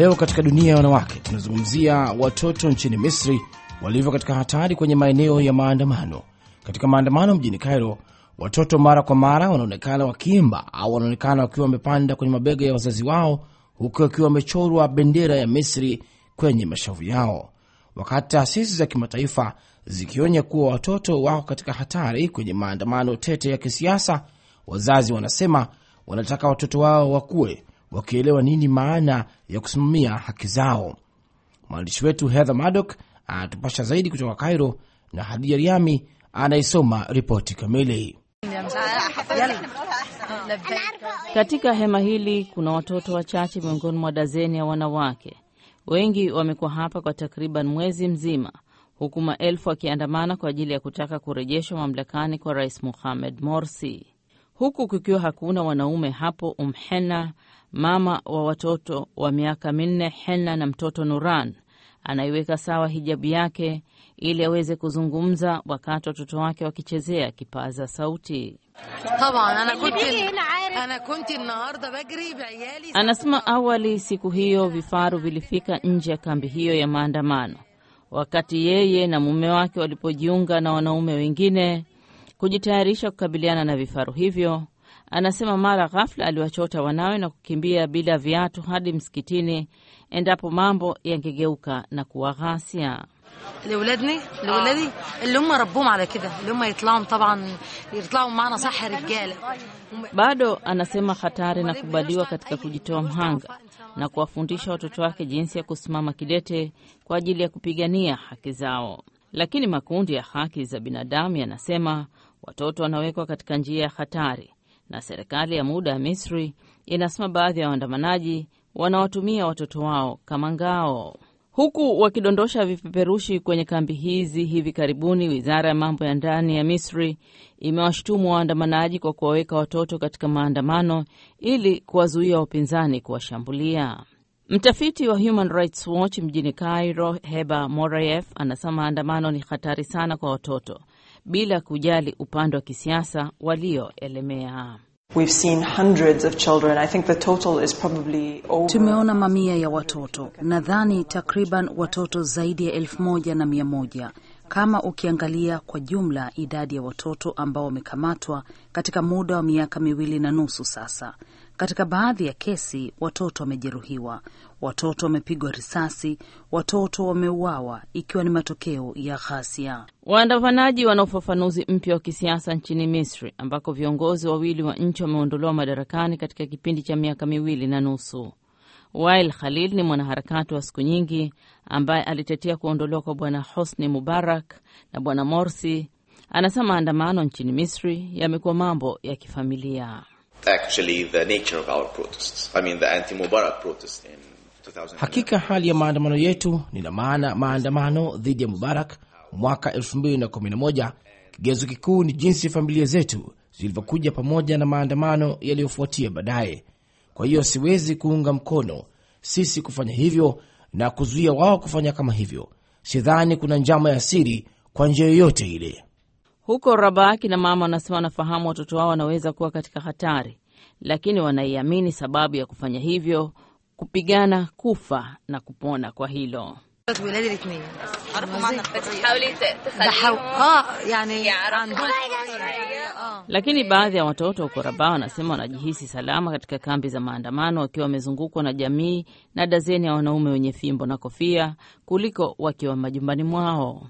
Leo katika dunia ya wanawake tunazungumzia watoto nchini Misri walivyo katika hatari kwenye maeneo ya maandamano. Katika maandamano mjini Cairo, watoto mara kwa mara wanaonekana wakiimba au wanaonekana wakiwa wamepanda kwenye mabega ya wazazi wao, huku wakiwa wamechorwa bendera ya Misri kwenye mashavu yao, wakati taasisi za kimataifa zikionya kuwa watoto wako katika hatari kwenye maandamano tete ya kisiasa. Wazazi wanasema wanataka watoto wao wakuwe wakielewa nini maana ya kusimamia haki zao. Mwandishi wetu Heather madok anatupasha zaidi kutoka Cairo na Hadija Riami anayesoma ripoti kamili. Katika hema hili kuna watoto wachache miongoni mwa dazeni ya wanawake. Wengi wamekuwa hapa kwa takriban mwezi mzima, huku maelfu wakiandamana kwa ajili ya kutaka kurejeshwa mamlakani kwa Rais Mohamed Morsi, huku kukiwa hakuna wanaume hapo. Umhena mama wa watoto wa miaka minne Henna na mtoto Nuran anaiweka sawa hijabu yake ili aweze kuzungumza wakati watoto wake wakichezea kipaza sauti. Anasema awali siku hiyo vifaru vilifika nje ya kambi hiyo ya maandamano, wakati yeye na mume wake walipojiunga na wanaume wengine kujitayarisha kukabiliana na vifaru hivyo. Anasema mara ghafla aliwachota wanawe na kukimbia bila viatu hadi msikitini, endapo mambo yangegeuka na kuwa ghasia. Bado anasema hatari na kubaliwa katika kujitoa mhanga na kuwafundisha watoto wake jinsi ya kusimama kidete kwa ajili ya kupigania haki zao, lakini makundi ya haki za binadamu yanasema watoto wanawekwa katika njia ya hatari na serikali ya muda ya Misri inasema baadhi ya waandamanaji wanawatumia watoto wao kama ngao, huku wakidondosha vipeperushi kwenye kambi hizi. Hivi karibuni wizara ya mambo ya ndani ya Misri imewashutumu waandamanaji kwa kuwaweka watoto katika maandamano ili kuwazuia wapinzani kuwashambulia. Mtafiti wa Human Rights Watch mjini Cairo, Heba Morayef, anasema maandamano ni hatari sana kwa watoto bila kujali upande wa kisiasa walioelemea. tumeona mamia ya watoto, nadhani takriban watoto zaidi ya elfu moja na mia moja kama ukiangalia kwa jumla idadi ya watoto ambao wamekamatwa katika muda wa miaka miwili na nusu sasa. Katika baadhi ya kesi watoto wamejeruhiwa, watoto wamepigwa risasi, watoto wameuawa, ikiwa ni matokeo ya ghasia. Waandamanaji wana ufafanuzi mpya wa kisiasa nchini Misri, ambako viongozi wawili wa nchi wameondolewa madarakani katika kipindi cha miaka miwili na nusu. Wael Khalil ni mwanaharakati wa siku nyingi ambaye alitetea kuondolewa kwa bwana Hosni Mubarak na bwana Morsi. Anasema maandamano nchini Misri yamekuwa mambo ya kifamilia actually the nature of our protests. I mean the anti-Mubarak protest in 2000. Hakika hali ya maandamano yetu ni na maana maandamano dhidi ya Mubarak mwaka 2011 kigezo kikuu ni jinsi familia zetu zilivyokuja pamoja na maandamano yaliyofuatia baadaye. Kwa hiyo siwezi kuunga mkono sisi kufanya hivyo na kuzuia wao kufanya kama hivyo. Sidhani kuna njama ya siri kwa njia yoyote ile. Huko rabaki kina mama wanasema wanafahamu watoto wao wanaweza kuwa katika hatari, lakini wanaiamini sababu ya kufanya hivyo: kupigana, kufa na kupona kwa hilo. Lakini baadhi ya watoto huko raba wanasema wanajihisi salama katika kambi za maandamano wakiwa wamezungukwa na jamii na dazeni ya wanaume wenye fimbo na kofia kuliko wakiwa majumbani mwao.